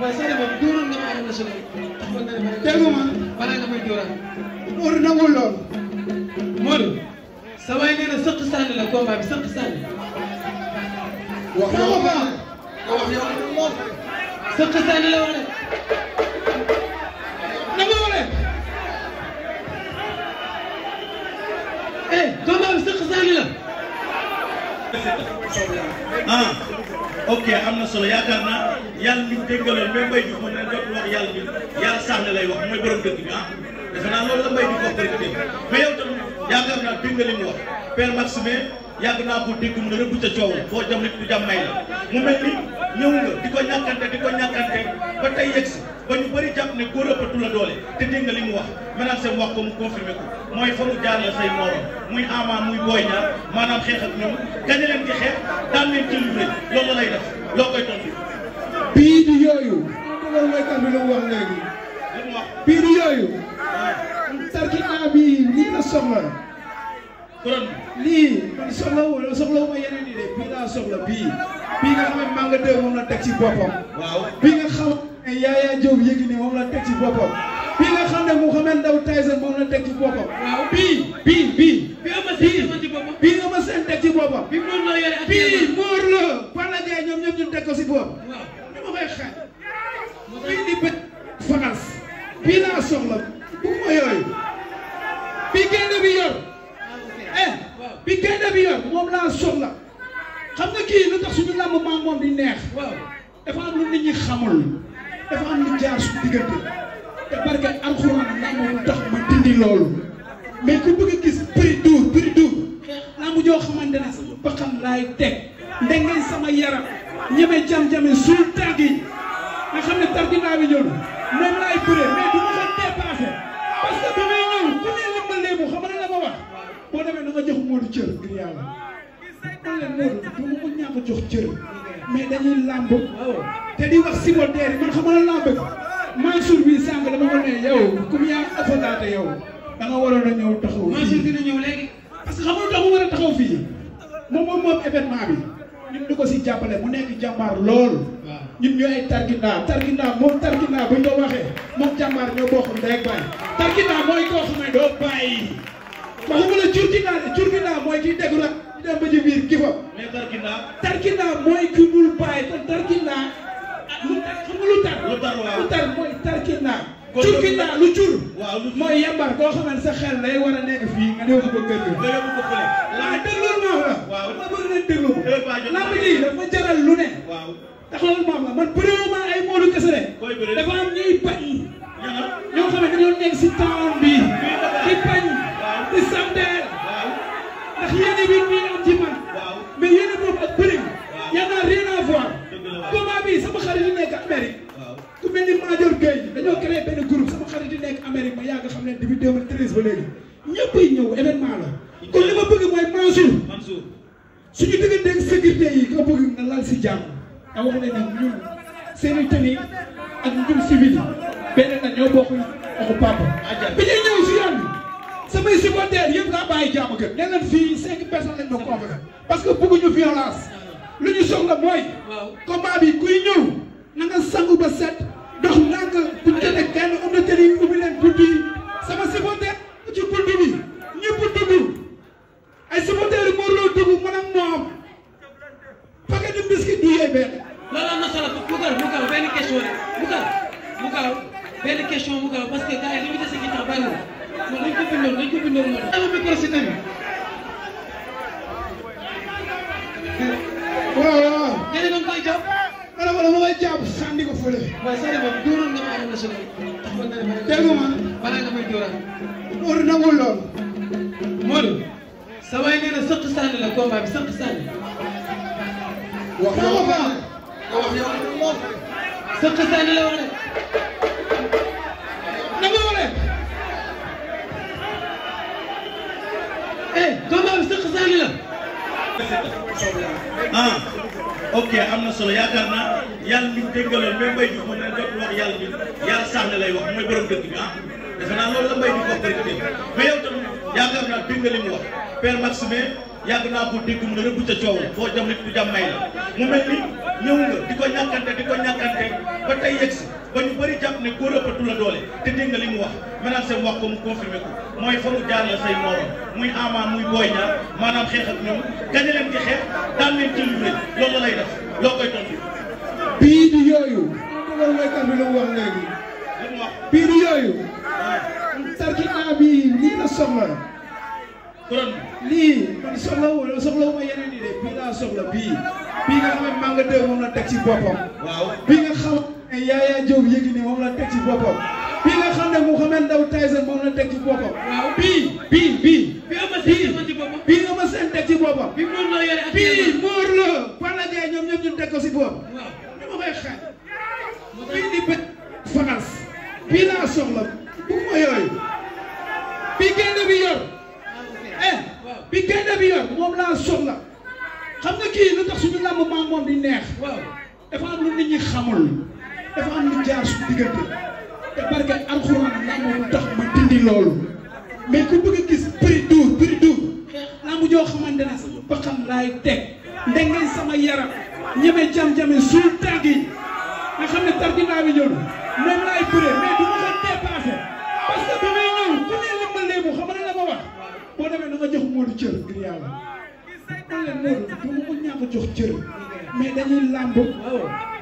waaye Sadio moom dóoroon na ma am na solo déggu ma balaa nga may dóoraat. Modou nangul lool. Modou. sa waay nee na sëq sànni la combat bi sëq sànni. wax nga ko wax yow moom. sëq sànni la wax na nga wax eh combat bi sëq sànni la. ah ok am na solo yaakaar naa. yàlla ñu déggalal mais mbay ju moom ne dootu wax yàlla ñu yàlla sax na lay wax mooy borom dëkk bi ah defe naa loolu la mbay ju wax rek dégg mais yow tam yaakaar naa dégg nga li mu wax père Maxime yàgg naa ko dégg mu ne rëbb ca coow foo jam nit ku jam may la mu mel ni ñëw nga di ko ñàkkante di ko ñàkkante ba tey yegg si ba ñu bëri jàpp ne góor ëppatu la doole te dégg nga li mu wax maanaam seen wax ko mu confirmé ko mooy fa mu jaarale say morom muy Ama muy Boy Niang maanaam xeex ak ñoom gañ leen ci xeex daan leen ci lu loolu lay def loo koy tontu pii di yooyu. loolu mooy kàddu lu mu wax léegi. pii di yooyu. tarkinaa bi lii la soxla. kon lii man soxla wala soxla wu ma yeneen yi de bii laa soxla bii. bii nga xam ne Manga 2 moom la teg ci boppam. bii nga xam ne Yaya Diop Yékini moom la teg ci boppam. bii nga xam ne Mouhamed Ndao Tyson moom la teg ci boppam. waaw bii bii bii. bii nga ma seen teg ci boppam. bii bii bii. xam nga kii lu tax suñu làmb maa moom di neex. waaw dafa am lu nit ñi xamul dafa am lu jaar suñu diggante te barke alxuraan làmb lu tax ma dindi loolu mais ku bëgg a gis prix duur prix duur làmb joo xamante ne sama bakkan laay teg ndengeen sama yaram ñeme jam-jame suul tàgg yi nga xam ne tàgg naa bi ñëw moom laay bëree mais du ma ko dépassé parce que bi may ñëw ku ne làmb léegi xam nga la ma wax boo demee na nga jox Modou cër ngir yàlla. leen Modou dama a jox cër mais dañuy làmb te di wax supporter yi man xamal làmb Mansour bi sànq dama ko ne yow comme yaa afataate yow da nga waroon a ñëw taxaw. Mansour dina ñëw léegi. parce que xam nga tax mu a taxaw fii moom moom moom événement bi ñun ñu ko si jàppale mu nekk jàmbaar lool. ñun ñoo ay tarkindaa tarkindaa moom tarkindaa buñ ko bàyyi tarkindaa mooy koo xam ne doo bàyyi waxuma la mooy kiy dégg rek. dem ba ci biir ki fa. mais tarkindaa. tarkindaa mooy ki dul bàyyi te tarkindaa. lu tar xam nga lu tar. lu tar waaw lu tar mooy tarkindaa. turkindaa lu jur. lu jur mooy yambar koo xamante sa xel day war a nekk fii nga dem ko gën a. nga ko fële. waaw déglu ma wax la. waaw ma bëgg leen déglu ko. lamb ji dafa jaral lu ne. waaw ndax loolu moom la man bëree ma ay Modou Kese de. dafa am ñuy bañ. ñoo xam ne dañoo nekk si temps bi. ñëppay ñëw événement la kon li ma bëgg mooy Mansour suñu digganteeg sécurité yi nga bëgg nga lal si jàmm nga wax ne nag ñun seeni tenue ak ñun civil benn na ñoo bokk waxu papa bi ñuy ñëw si yoon samay supporters yëpp laa bàyyi jàmm gën ne leen fii cinq personnes lañ ma convoqué parce que bëgguñu violence lu ñu soxla mooy combat bi kuy ñëw na sangu ba set dox nanga bu jëlee kenn homme de tenue yi ubbi leen bunt jàpp sànni ko fële. waaye sànni moom dóoroon na ma Arène Nationale. dégg nga man balaa nga may dóoraat. Modou nangul lool. Modou. sa waay nee na sëq sànni la bi sëq sànni. wax nga ko baax. wax nga ko baax. sëq sànni la wax de. dama wane. eh combat bi sëq sànni la. ah ok am na solo yàlla ñu déggaloon mais mbay juuf moom lañ jot ah. mu wax père Maxime yàgg ko dégg mu mu mel nga di ko ñàkkante di ko ñàkkante ba tey yegg si ba ñu bëri jàpp ne góor ëppatu la doole te dégg mu wax maanaam seen wax ko mu confirmé ko mooy fa mu jaar la say morom muy Ama muy Boy Niang maanaam xeex ak ñoom gañ leen ci xeex daan leen loolu lay def loo koy tontu bii du yooyu. loolu mooy kàddu bii du yooyu. Tarkindaa bii lii la soxla. lii man soxla wu ma soxla wu ma yeneen yi de bii laa soxla bii. bii nga xam ne Manga 2 moom la teg ci boppam. bii nga xam ne Yaya Diop Yékini moom la teg ci boppam. bii nga xam ne Mouhamed Ndao Tyson moom la teg ci boppam. waaw bii bii bii. bii ama seen seen teg ci boppam. bii Mor la yore ak. bii Mor la. ñoom ñëpp si boppam. Dakar bii di bët France bii laa soxla bugguma yooyu bi gaynde bi yor eh bi gaynde bi yor moom laa soxla xam nga kii lu tax suñu làmb maa moom di neex dafa am lu nit ñi xamul dafa am lu jaar suñu diggante te barke alxuraan làmb lu tax ma dindi loolu mais ku bëgg a gis prix duur prix duur làmb joo xamante ne sama baxam laay teg ndengeen sama yaram ñeme jam-jame suul tàgg nga xam ne tardement bi ñëw na moom laay bëree mais du ma ko dépassé parce que bi may ñëw ne li ma la ma a jox cër mais dañuy làmb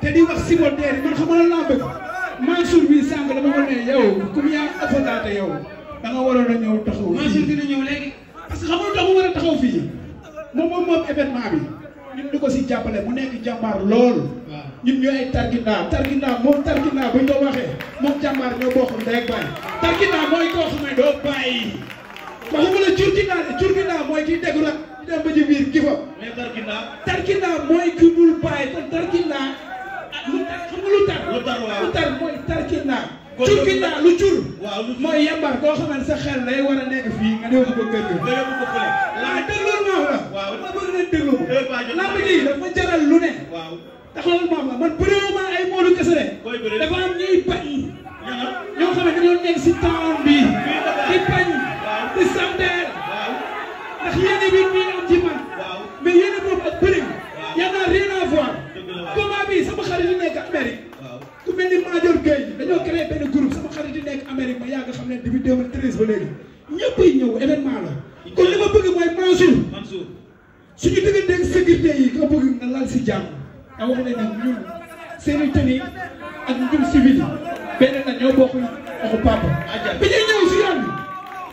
te dama ko ne yow comme yaa ëppalaate ñëw taxaw. Mansour dina ñëw bi. ko si jàppale mu nekk jàmbaar lool. ñun ñooy ay tarkindaa tarkindaa moom tarkindaa buñ ko waxee moom jàmbaar ñoo bokk ndey ak baay tarkindaa mooy koo xam ne doo bàyyi. waxuma la curkindaa curkindaa mooy kiy déglu rek di dem ba ci biir kii fa. mais tarkindaa. tarkindaa mooy ki bul bàyyi te tarkindaa ah, lu tar xam nga lu tar. lu tar waaw lu tar mooy tarkindaa. curkindaa lu cur. waaw lu cur mooy yàmbaar koo xam ne sa xel lay war a nekk fii nga déglu ko kër gi. nga déglu ko fële. rajo lamb dafa jaral lu ne. waaw ndax loolu moom la man bëriwuma ay moolu kese de. dafa am ñuy bañ. ñoo xam ne nekk si temps bi di bañ. di santeel. ndax yéen bi ñu am ci man. mais boobu ak bëri. y a rien à voir. bi sama xarit yi nekk Amérique. ku mel ni Major Gueye dañoo créé benn groupe sama xarit yi nekk Amérique ma yàgg xam ne depuis 2013 ba bi ñuy ñëw si yoon bi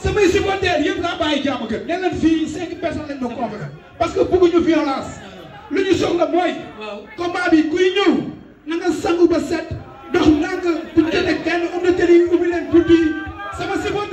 samay supporters yëpp laa bàyyi jàmm gën ne leen fii cinq personnes lañ doon convoqué parce que bëgguñu violence lu ñu soxla mooy combat bi kuy ñëw na nga sangu ba set dox ndànk buñ jotee kenn am na tëri ubbi leen bunt sama supporter